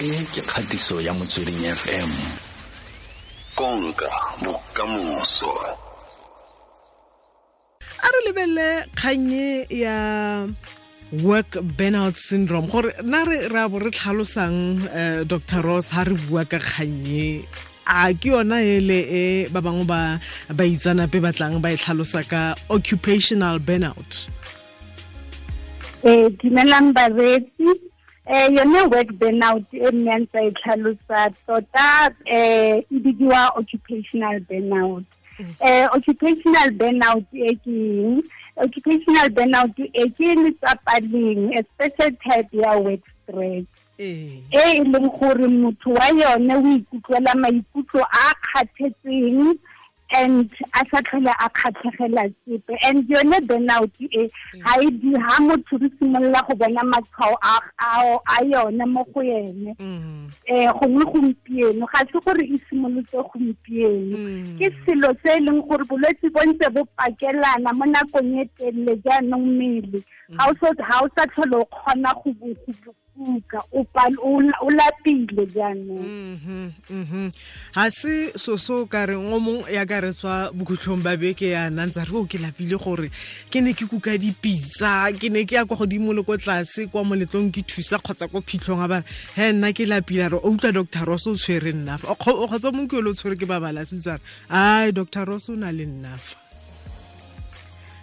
e ke kgatiso ya motsweding fm konka bokamoso a re lebelele kgannye ya work burnout syndrome gore na re ra bo re tlhalosang uh, eh, dr ross ha re bua ka kgannye a ke yona ele e ba bangwe ba ba itsanape batlang ba e tlhalosa ka occupational burnout um dumelang baretsi um eh, yone work burnout e nne ntse e tlhalosa tota um e bidiwa occupational burnout um occupational burnout e keng occupational burnout e ke letsapaleng a special type ya work stress e e leng gore motho wa yone o ikutlwela maikutlo a kgathetseng and a sa tlhole a kgatlhegela sepe and yone burnout e mm. ga e di ha motho re simolola go bona matshwao a yone mo go ene um gongwe gompieno ga se gore e simolotse gompieno mm. ke selo se e leng gore bolwetse bontse bo pakelana mo nakong e telele jaanong mmele mm. ga o sa tlhole o kgona go ga mhm, mhm. se soso o ka reng o mongwe ya ka re tswa bokhutlhong ba beke yana ntse re o ke lapile gore ke ne ke kuka dipitsa ke ne ke ya kwa godimo le ko tlase kwa moletlong ke thusa kgotsa ko phitlhong a bara he nna ke lapile re o utlwa doctor ross o tshwere nnafa kgotsa mongwe ke le o tshwere ke babala setsare ai doctor ross o na le nnafa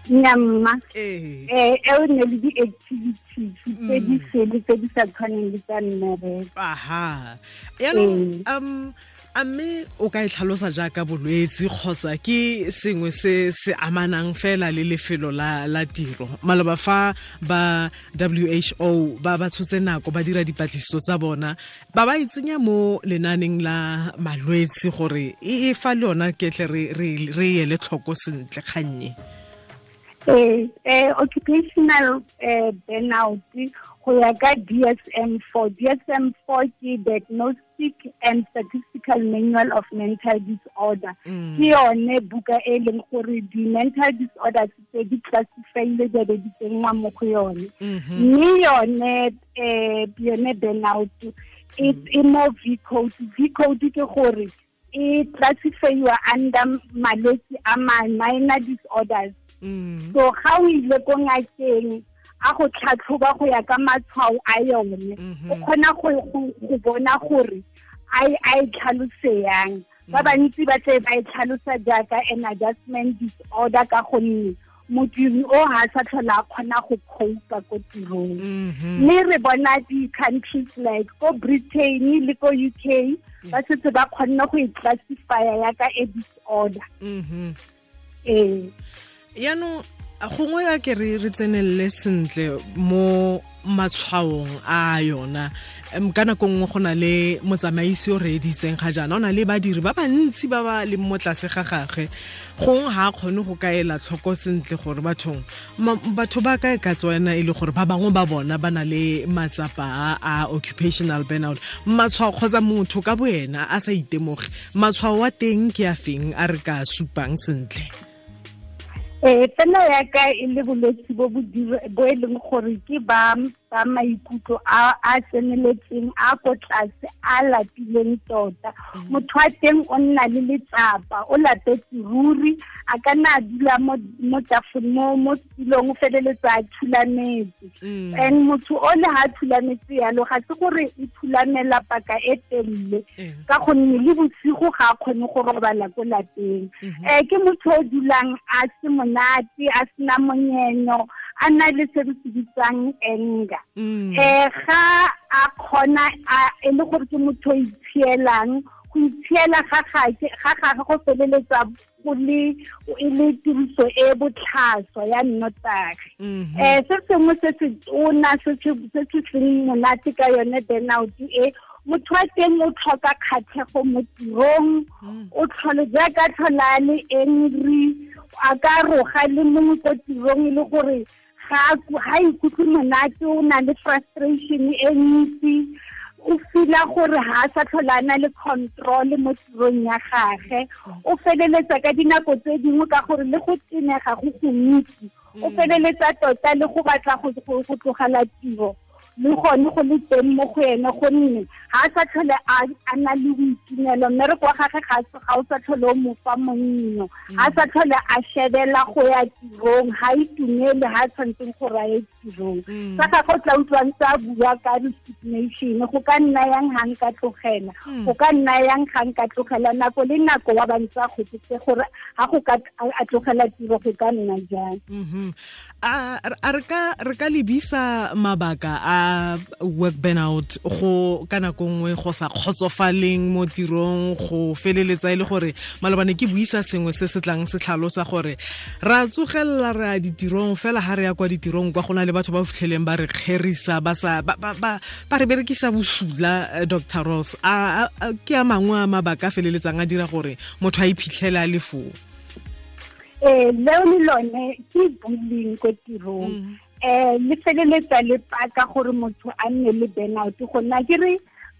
nna mma um eh. eh, e o ne le di-activities tse di sele mm. tse di sa tshwaneng le tsa mmereko aha yaanong mm. um a mme o ka e tlhalosa jaaka bolwetse kgotsa ke sengwe se se amanang fela le lefelo la, la tiro maloba fa ba who ba ba tshotse nako ba dira dipatlisiso tsa bona ba ba itsenya mo lenaneng la malwetse gore e, e fa le yona ketle re ele tlhoko sentle kgannye eh eh occupational eh burnout go ya ka DSM4 DSM4 ke diagnostic and statistical manual of mental disorder mm. ke yone buka e leng gore di mental disorders tse di classifyile tse di tsenngwa mo go yone mm-hmm. mme yone eh yone burnout e mm. mo V code V code ke gore e classifyiwa under malwetse a minor disorders Mm. so ga o ile ko ngakeng a go tlhatlhoba go ya ka matshwao a yone mm-hmm. o kgona go bona gore a e tlhalose yang ba mm. bantsi ba tle ba e tlhalosa jaaka an adjustment disorder ka gonne modiri o ga sa tlhola a kgona go coupa ko tirong mm-hmm. mme re bona di-countries like ko britain le ko u k mm. ba setse ba kgonne go e classifya yaaka e disorder mm-hmm. ee yaanong gongwe a ke re re tsenelele sentle mo matshwaong a yona ka nako nngwe go na le motsamaisi o reeditseng ga jaana o na le badiri ba bantsi ba ba leng mo tlase ga gagwe gongwe ga a kgone go ka ela tlhoko sentle gore bathong batho ba kae ka tswana e le gore ba bangwe ba bona ba na le matsapa a occupational burnout matshwao kgotsa motho ka boena a sa itemoge matshwao wa teng ke a feng a re ka supang sentle eh pena ya ka e le bolwetse bo bo bo e leng gore ke ba tsa maikutlo a tseneletseng a ko tlase a lapileng tota mm. motho a teng o nna le letsapa o lapetse ruri a ka na dula mo tafolmo mo setulong o feleletsa a thulametse mm. and motho o le ga thulametse yalo ga se gore e thulamela paka e telele eh. ka gonne le bosigo ga a kgone go robala ko lapeng um ke motho o dulang a se monate a sena monyenyo a nna le se re se bitsang anger um mm. ga a kgona e le gore ke motho o itsheelang go itshiela ga gage go feleletsa go le e le tiriso e botlhaswa ya nnotagi um mm-hmm. eh, se sengwe se se tona se se seng monate ka yone burnout e motho wa teng o tlhoka kgatlhego mo tirong mm. o tlhole jaaka tlhola le angry a ka roga le mongwe ko tirong e le gore ga ha ikutlwe monate o na le frustration e ntsi o fila gore ha a sa tlholana le control mo tirong ya gagwe o feleletsa ka dinako tse dingwe ka gore le go tenega go go ntsi o hmm. feleletsa tota le go batla go tlogela tiro le gone go le teng mo go ene gonne ga a sa tlhole a na le boitumelo mme re kwa gage ga o sa tlhole o mofa monno ga mm. a sa tlhole a shebela go ya tirong ga itumele ga a tshwanetseng gore a ye tirong mm. sa gagwe o tla utlwang tsa bua ka resignation go ka nna yang ga nka tlogela mm. go ka nna yang ga nka tlogela nako le nako wa bantse a gopotse gore ga go ka a tlogela tiro go ka nna jang mm-hmm. a re ka lebisa mabaka a tsa work burnout go ka nako nngwe go sa kgotsofaleng mo tirong go feleletsa e le gore malobane ke buisa sengwe se se tlang se tlhalosa gore re a tsogelela re a ditirong fela ga re ya kwa ditirong kwa go na le batho ba fitlheleng ba re kgerisa ba re berekisa bosula eh, dr ross a ke a mangwe a mabaka a feleletsang a dira gore motho a iphitlhela le foo um eh, leo le lone ke bullying ko tirong mm. eh le feleletsa le paka gore motho a nne le burnout go nna ke re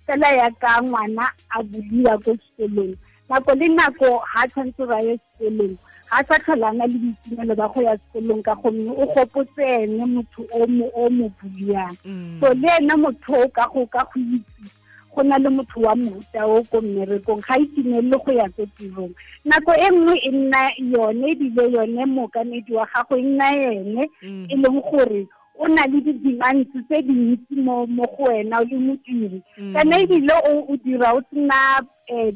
fela ya ka ngwana a buliwa ko sekolong nako le nako ha tshwanetse ba ye sekolong ga sa tlholana le boitumelo ba go ya sekolong ka gonne o gopotse ene motho o mo o mo buliang mm. so le ene motho o ka go ka go itse go na le motho wa mohuta o ko mmerekong ga itimelele e go ya ko tirong nako e nngwe e nna yone ebile yone mookamedi wa gago e nna ene mm. e leng gore o na le didimantse tse dintsi mo go wena le motiri mm. kana ebile o dira o sena um eh,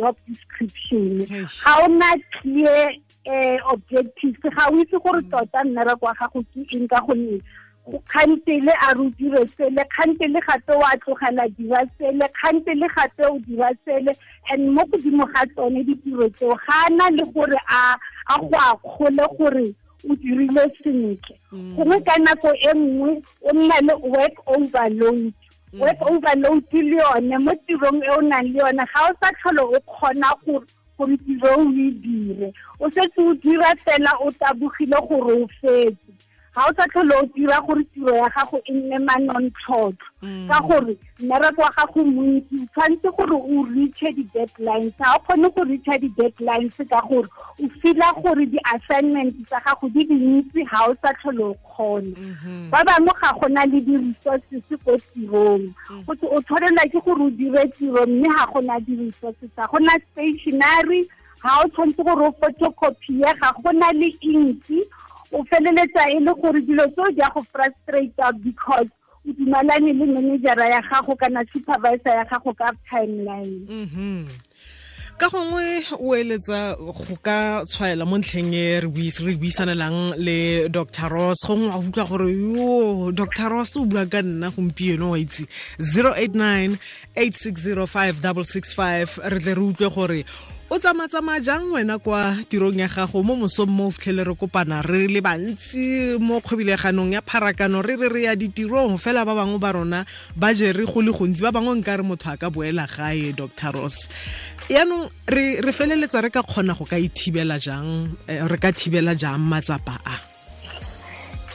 job description ga o na clear um eh, objective ga o itse gore tota mmereko wa gago ke eng ka gonne kgantele a re o dire sele kgantele gape o a tlogela dira sele kgantele gape o dira sele and mo godimo ga tsone ditiro tseo ga na le gore a a go a kgole gore o dirile sentle mm. gongwe ka nako e nngwe o nna le work overload mm. work overload le yone mo tirong e o nang le yone ga o sa tlhole o kgona gore gore tiro o e dire o setse o dira fela o tabogile gore o fetse ga o sa tlhole o dira gore tiro ya gago e nne manontlhotlho mm. ka gore mmereko wa gago montsi o tshwanetse gore o reache di-deadlines ga o kgone go reacha di-deadlines ka gore o fila gore di-assignment tsa gago di dintsi ga o sa tlhole o kgona mm-hmm. ba bangwe ga gona le di-resources ko tirong mm. gotse o tshwanelwa ke gore o dire tiro mme ga gona di-resources ga gona stationary ga o tshwanetse gore o photocopie ga gona le inki o feleletsa e le gore dilo tse di a go frustrate because o dumalane le managera ya gago kana supervisor ya gago ka timeline mhm. ka gongwe o eletsa go ka tshwaela mo ntlheng e re buisanelang le dr ross gongwe wa utlwa gore yo dr ross o bua ka nna gompieno wa itse 089 8605 665 re tle re utlwe gore o tsamatsamaya jang wena kwa tirong ya gago mo mosong mo o fitlhele re kopana re le bantsi mo kgwebileganong ya pharakano re re re ya ditirong fela ba bangwe ba rona ba jere go le gontsi ba bangwe nka re motho a ka boela gae dr ross yaanong re feleletsa re ka kgona go ka ithibela jang eh, re ka thibela jang matsapa a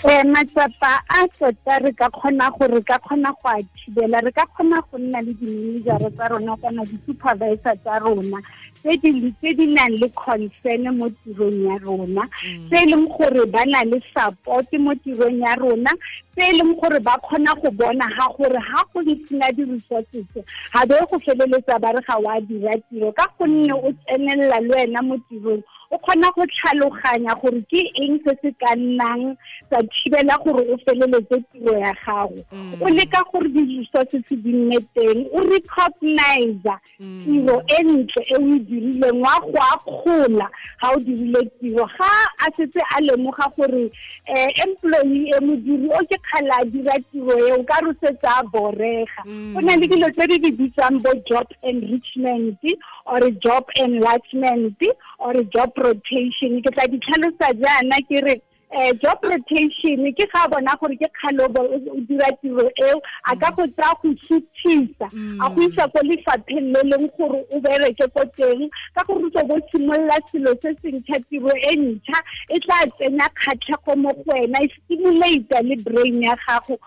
eh matsapa a tota re ka kgona gore ka kgona go a thibela re ka kgona go nna le di-managera tsa rona kana di-supervisor tsa rona tse di nang le concern mo tirong ya rona mm. tse e leng gore ba na le support mo tirong ya rona tse e leng gore ba kgona go bona ga gore ga go sena di-resources ga be go feleletsa ba re ga o a dira tiro ka gonne o tsenelela le wena mo tirong o khona go tlhaloganya gore ke eng se se ka nnang sa thibela gore o feleletse tiro ya gago mm. o leka gore di-resources di nne teng o recognize mm. tiro e ntle e o e dirileng wa go a kgola ga o dirile tiro ga a setse a lemoga gore um employee e modiri o ke kgala a dira tiro eo ka re setse a borega mm. o na le dilo tse di di bitsang bo job enrichment or job enlargement or job rotation ke tla di tlhalosa jaana ke re eh job rotation ke ga bona gore ke kgalobo o dira tiro eo a ka go tsa go sutisa a go isa ko lefapheng le leng gore o bereke ko teng ka gore o tlo bo simolola selo se sentšha tiro e ntšha e tla tsenya kgatlhego mo go wena e stimulata le brain ya gago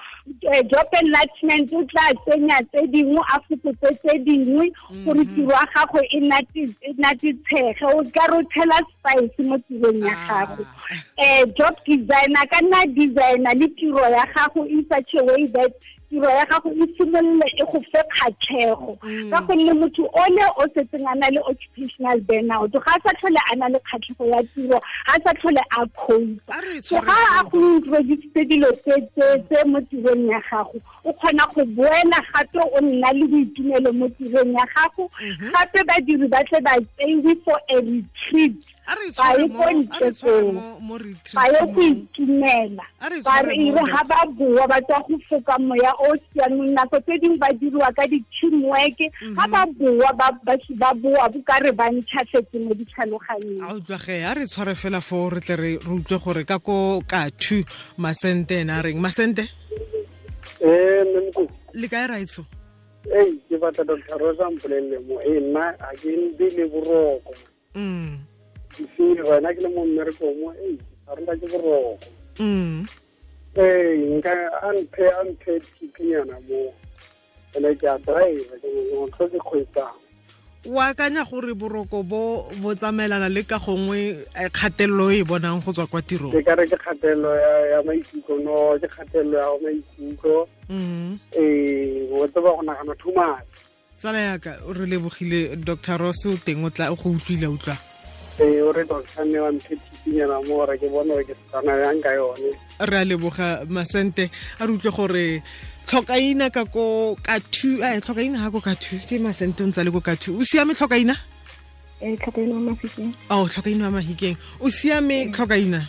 eh, job enlargement o tla tsenya tse dingwe a fokotse tse dingwe gore mm-hmm. tiro ya gago e natitshege e o ka rothela spice mo tirong ya ah. gago um job designer ka nna designer le tiro ya gago in such a way that tiro ya gago e simolole e go fe kgatlhego mm. ka gonne motho o le o setseng a na le occupational burnout ga a sa tlhole a na le kgatlhego ya tiro ga a sa tlhole a coupa e so ga a go introdusetse dilo tse mo tirong ya gago o kgona go boela gape o nna le boitumelo mo tirong ya gago mm-hmm. gape badiri ba tle ba tsewe for a retreat ga e ko ntekong ga ye go itumela bare ire ga ba boa ba tswa go foka moya o siameng nako tse dingwe ba diriwa ka di-teamwork ga ba mhm. boa ba boa bo ka re ba ntšhafetse mo ditlhaloganyeng a utlwage a re tshware fela foo re tle re utlwe gore ka ko ka two masente ene a reng masente eh, le kae raitsho e ee ke batla dr rosa mpolelele ee, nna ga ke nbe le boroko mm. Si, wena ke le moun meriko mwen, e, arla ki vro. Hmm. E, nga anpe, anpe, kipi yana mwen. Ene ki adrei, mwen kwa di kwe sa. Wa akanya kore broko bo, bo zamela na leka kongwe, kate lo e bon an kouzwa kwa tiro. Se kare ki kate lo ya, ya me ikiko no, ki kate lo ya, me ikiko. Hmm. E, wote ba wana kano tuma. Sala ya ka, ori le bo kile, Dr. Rosu, tengot la, ou kou utwi la utwa. Hmm. ee o re doctorne wa ke bone gore ke setana yang ka yone re a leboga masente a re utlwe gore tlhokaina ka ko ka two tlhokaina ga ko ka ke masente o ntse le ko ka o siame tlhokaina o ee, tlhokaina wa mafikeng oh, o siame ee. tlhokaina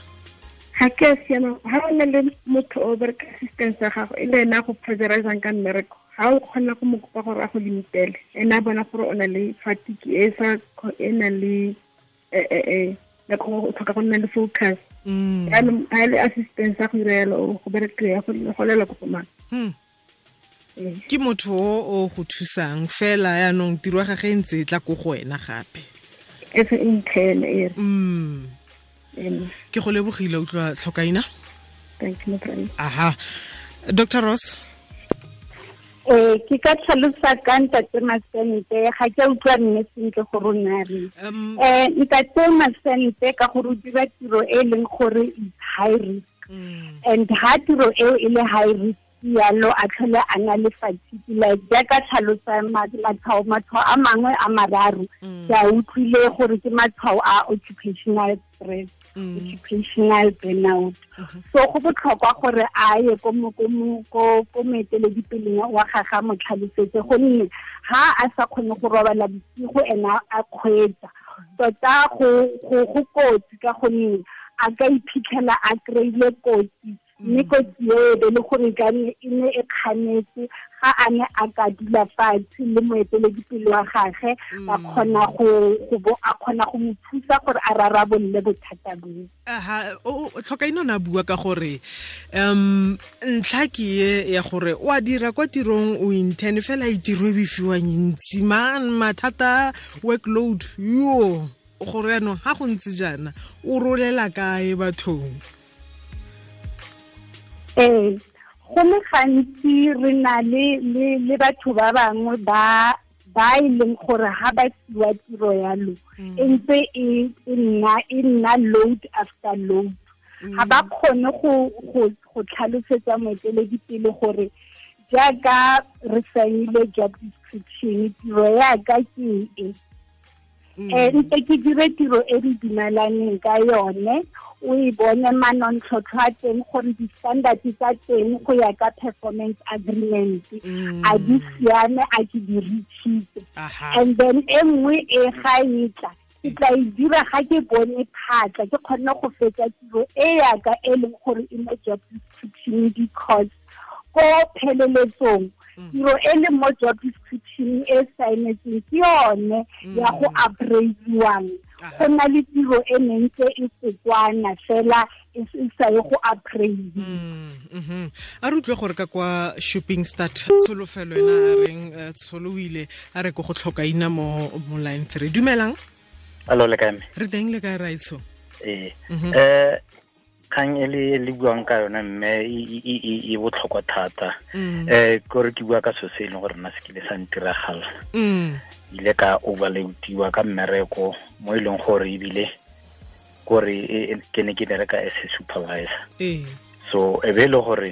ga ke a siama ga o na le motho o bereka assistance ya gago e le ene a go pressurizang ka mmereko ga o kgona go mo kopa gore a go limitele ene a bona gore o na le fatigue e sa e na le Eh, eh, eh. nakho o tlhoka go nna le focus jaanong mm. ga le assistance a go irelo go bere kreya go le lela ko mm ke motho o o go thusang fela ya nong tiro ga gage e ntse e tla ko go wena gape ese intern ere mm ke go lebogile utlwa tlhokaina thank you my friend aha dr ross eh ke ka tlhalosa ka ntate masente ga ke utlwa nne sentle gore o na re eh ntate masente ka gore o dira tiro e leng gore high risk mm. and ha tiro eo e le high risk yalo a tlhole a na le fatigue like jaaka tlhalosa matshwao matshwao a mangwe a mararo mm. ke a utlwile gore ke matshwao a occupational stress occupational mm. burnout mm-hmm. so go botlhokwa gore a ye ko moeteledipeleng wa gage a mo tlhalosetse gonne ga a sa kgone go robala bosigo ene a kgweetsa tota go kotsi ka gonne a ka iphitlhela a kry-ile kotsi Mm. mme kotsi ebe le gore kane e ne e kganetse ga a ne a ka dula fatshe le moeteledipele wa gage ba mm. kgona go a kgona go mo thusa gore a rarabolle bothata bo aha o tlhokaino na bua ka gore um ntlha ke ye ya gore o a dira kwa tirong o intern fela e tiro e befiwang ntsi man mathata workload yo gore yanong ga go ntse jaana o rolela kae bathong ee go le gantsi re na le le le batho ba bangwe ba ba e leng gore ha ba tsiwa tiro yalo mm. e ntse e, e nna e nna load after load mm. ga ba kgone go go go tlhalosetsa moeteledipele gore jaaka re saile job description tiro yaka ke e Eh, mm. ntle ke dire tiro e re dumelaneng ka yone o e bone manontlhotlho a teng gore di-standard tsa teng go ya ka performance agreement mm. a di siame a ke di reachitse and then e nngwe e ga e tla ke tla e dira ga ke bone phatla ke kgonne go fetsa tiro e yaka e leng gore e mo job description because ko pheleletsong Mm. tiro e le mo job description e signetseng ke yone ya mm. go appraisiwang go na le tiro e nentse e setswana fela e, e sa ye go appraise mm, mhm. a re utlwe gore ka kwa shopping start tsholofelo ena a reng tsholo o ile a re ko go tlhoka ina mo line three dumelang hello le kae re teng le kae raitso ee. mhm. eh kgang e le e le buang ka yona mme e, e, e botlhokwa thata mm. eh gore ke bua ka so se leng gore nna se kile sa ntiragala mm. ile ka overloadiwa ka mmereko mo e leng gore ebile kore ke ne ke bereka as a supervisor ee. so e be e le gore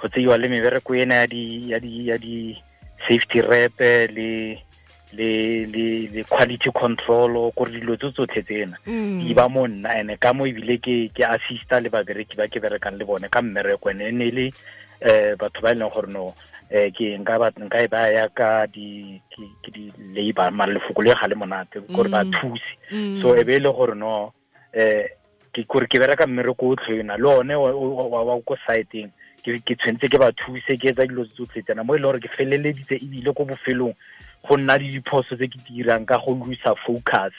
go tseiwa le mebereko ena ya di ya di ya di safety rep le le le le quality control gore dilo tso tsotlhe tsena mm. di ba mo nna ene ka mo ebile ke ke assista le babereki ba ke berekang le bone ka mmereko ene e ne e le um batho ba e leng gore no eh ke nka ba e ya ka di ke di labor mar lefoko le ga le monate gore ba mm. thusi mm. so e be e le gore no um ke gore ke bereka mmereko o tlhoena le one wa ko siteng ke tshwanetse ke ba thuse ke etsa dilo tso tsena mo e gore ke feleleditse ebile ko bofelong go nna le diphoso tse ke dirang ka go lusa focus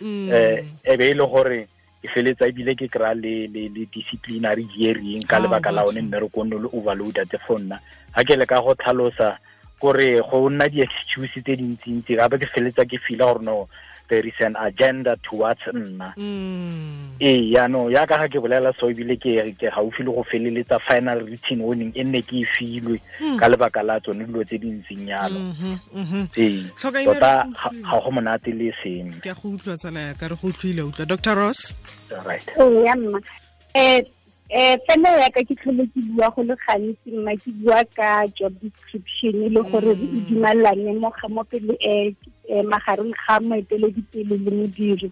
um e be e le gore ke feletsa ebile ke kry-a le, le, disciplinary hearing ka ah, lebaka la one mmerekong o le tse for nna ga ke le ka go tlhalosa kore go nna di-excuse tse dintsintsi gape ke feletsa ke fila gore no there is an agenda towards nna mm. ee yaanong yaka ga ke bolela so ebile ke ke gaufi le go feleletsa final written warning e nne ke e filwe mm. ka lebaka la tsone dilo tse di ntseng yalo mm-hmm, mm-hmm. ee tota ga go monate le e seng ke go utlwa tsala ya ka re go utlwile utlwa dr ross right oh, ya mma eh eh fela ya ka ke tlhole ke bua go le gantsi mma ke bua ka job description e le gore mm. e dumelane mo ga mo pele eh Eh, magareng ga moeteledipele le modiri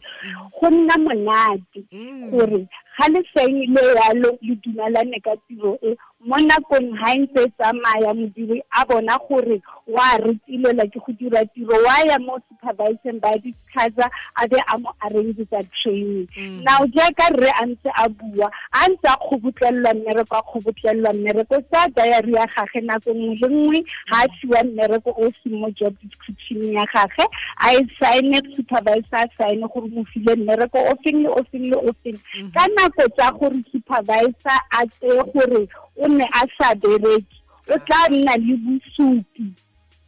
go nna monate mm. gore ga lefeng le yalo le dumelane ka tiro e mo nakong ga e ntse e tsamaya modiri a bona gore wa retilelwa ke go dira tiro wa ya mo supervising ba discasa a be a mo arrangetsa training mm. now jaaka rre a ntse a bua a ntse a kgobotlelelwa mmereko a kgobotlelelwa mmereko sa diary ya gage nako nngwe le nngwe ga a siwa mmereko o seng mo job description ya gage a e signe supervisor a signe gore mo file mmereko o feng le o feng le o feng mm-hmm. ka nako tsa gore supervisor a tseye gore o ne a sa bereke o tla nna le bosupi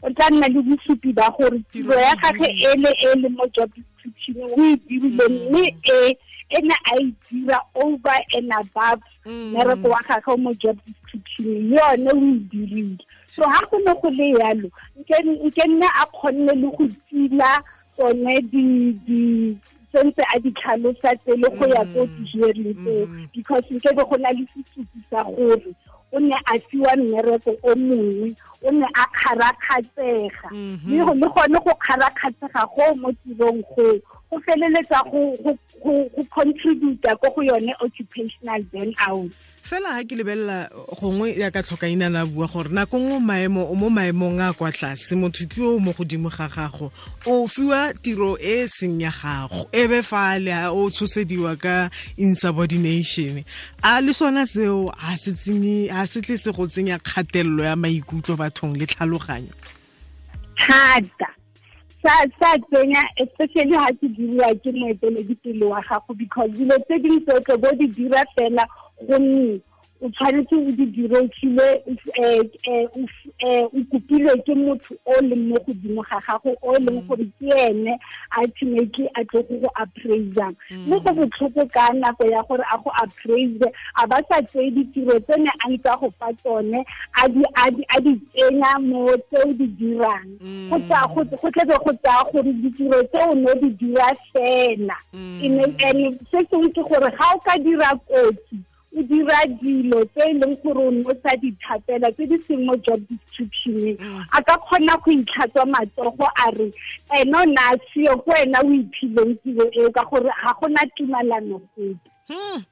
o tla nna le bosupi ba gore tiro ya gage e le e le mo job description o e dirile mm. mme e e ne a e dira over and above mm. mmereko wa gage mo job description yone o e dirile so ga go ne go le yalo nke nne a kgonne le go tila tsone di sentse a di tlhalosa tsele go ya go mm. di-hearing So mm. because nke be go na le sesupi sa gore o ne a fiwa mmereko o mongwe o ne a kgarakgatsega mm-hmm. le gone go kgarakgatsega go mo tirong go go feleletsa go contributa ko go yone occupational burn out fela ga ke lebelela gongwe ya ka tlhokaina na bua gore nako nngwe maemo mo maemong a kwa tlase motho ke o mo godimo ga gago o fiwa tiro e e seng ya gago e be fale o tshosediwa ka insubordination a le sona seo ga se tle se go tsenya kgatelelo ya maikutlo bathong le tlhaloganyo thata sa tsenya especially ha ke diriwa ke moeteledipele wa gago because dilo tse dingwe tsotlhe bo di dira fela gonne o tshwanetse o di direkile eh, eh, eh, o kopilwe ke motho o leng mo godimo ga gago o e leng gore ke ene ultimately a tlo go go appraisang mm. mme go botlhoko ka nako ya gore a go appraise a ba sa tseye ditiro tse ne a ntse go fa tsone a di tsenya mo tse o di dirang mm. go tlebe go tsaya gore ditiro tse o ne di dira fela mm. and se sengwe ke gore ga o ka dira kotsi o dira dilo tse e leng gore o ne o sa di thapela tse di seng mo job descriptioneng mm. a ka kgona go itlhatswa matsogo a re ene o ne a seo ko wena o iphileng tiro eo ka gore ga gona tumalano gope hmm.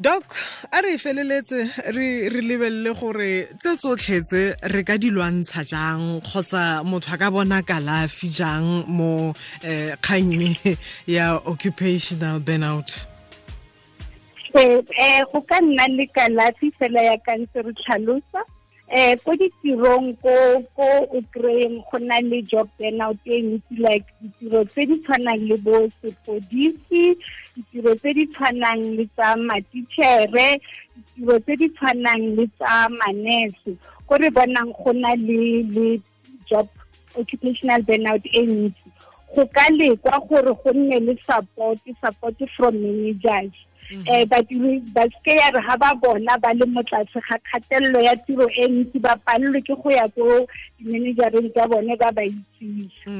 doc a re feleletse re re lebelele gore tse tsotlhetse re ka di lwantsha jang kgotsa motho a ka bona kalafi jang mo um kgang e ya occupational burnout um go ka nna le kalafi fela ya kansere tlhalosa um ko ditirong ko o kry-eng go na le job burnout e ntsi like ditiro tse di tshwanang le bo sepodisi ditiro tse di tshwanang le tsa matitšhere ditiro tse di tshwanang le tsa manese ko re bonang go na le job occupational burnout e ntsi go ka lekwa gore go nne le support support from managers batiri ba seke ya re ga ba bona ba le motlatse ga kgatelelo ya tiro e ntsi ba palelwe ke go ya ko di-manager-eng tsa bone ba ba itsisa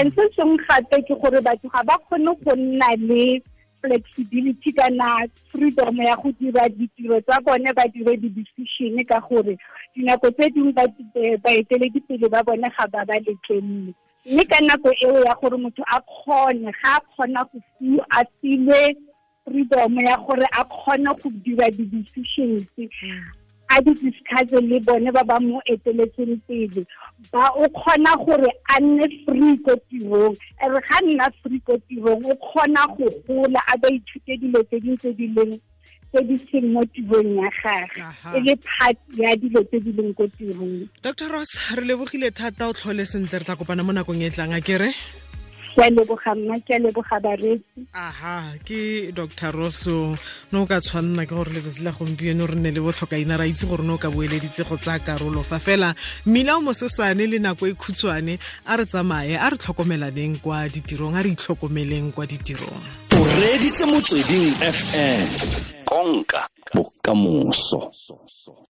and se sengwe gape ke gore batho ga ba kgone go nna le flexibility kana freedom ya go dira ditiro tsa bone ba dire di-decision ka gore dinako tse dingwe baeteledipele ba bone ga ba ba letlenle mme ka nako eo ya gore motho a kgone ga a kgona go fiwa a filwe freedom ya gore a kgone go dira di-decisions a di-discusse le bone ba ba mo eteletseng pele ba o kgona gore a nne free ko tirong e re ga nna free ko tirong o kgona go gola a ba ithute dilo tse dintse di leng tse di seng mo tirong ya gage e le part ya dilo tse di leng ko tirong dr ross re lebogile thata o tlhole sentle re tla kopana mo nakong e tlang a kere aha ke dr rosso no o ka tshwanna ke gore letsatsi la gompieno re nne le botlhokaina ra itse gore ne o ka boeleditse go tsaya karolo fa fela mmila o mosesane le nako e khutshwane a re tsamaye a re tlhokomelaneng kwa ditirong a re itlhokomeleng kwa ditirong o reditse motsweding fm konka bokamoso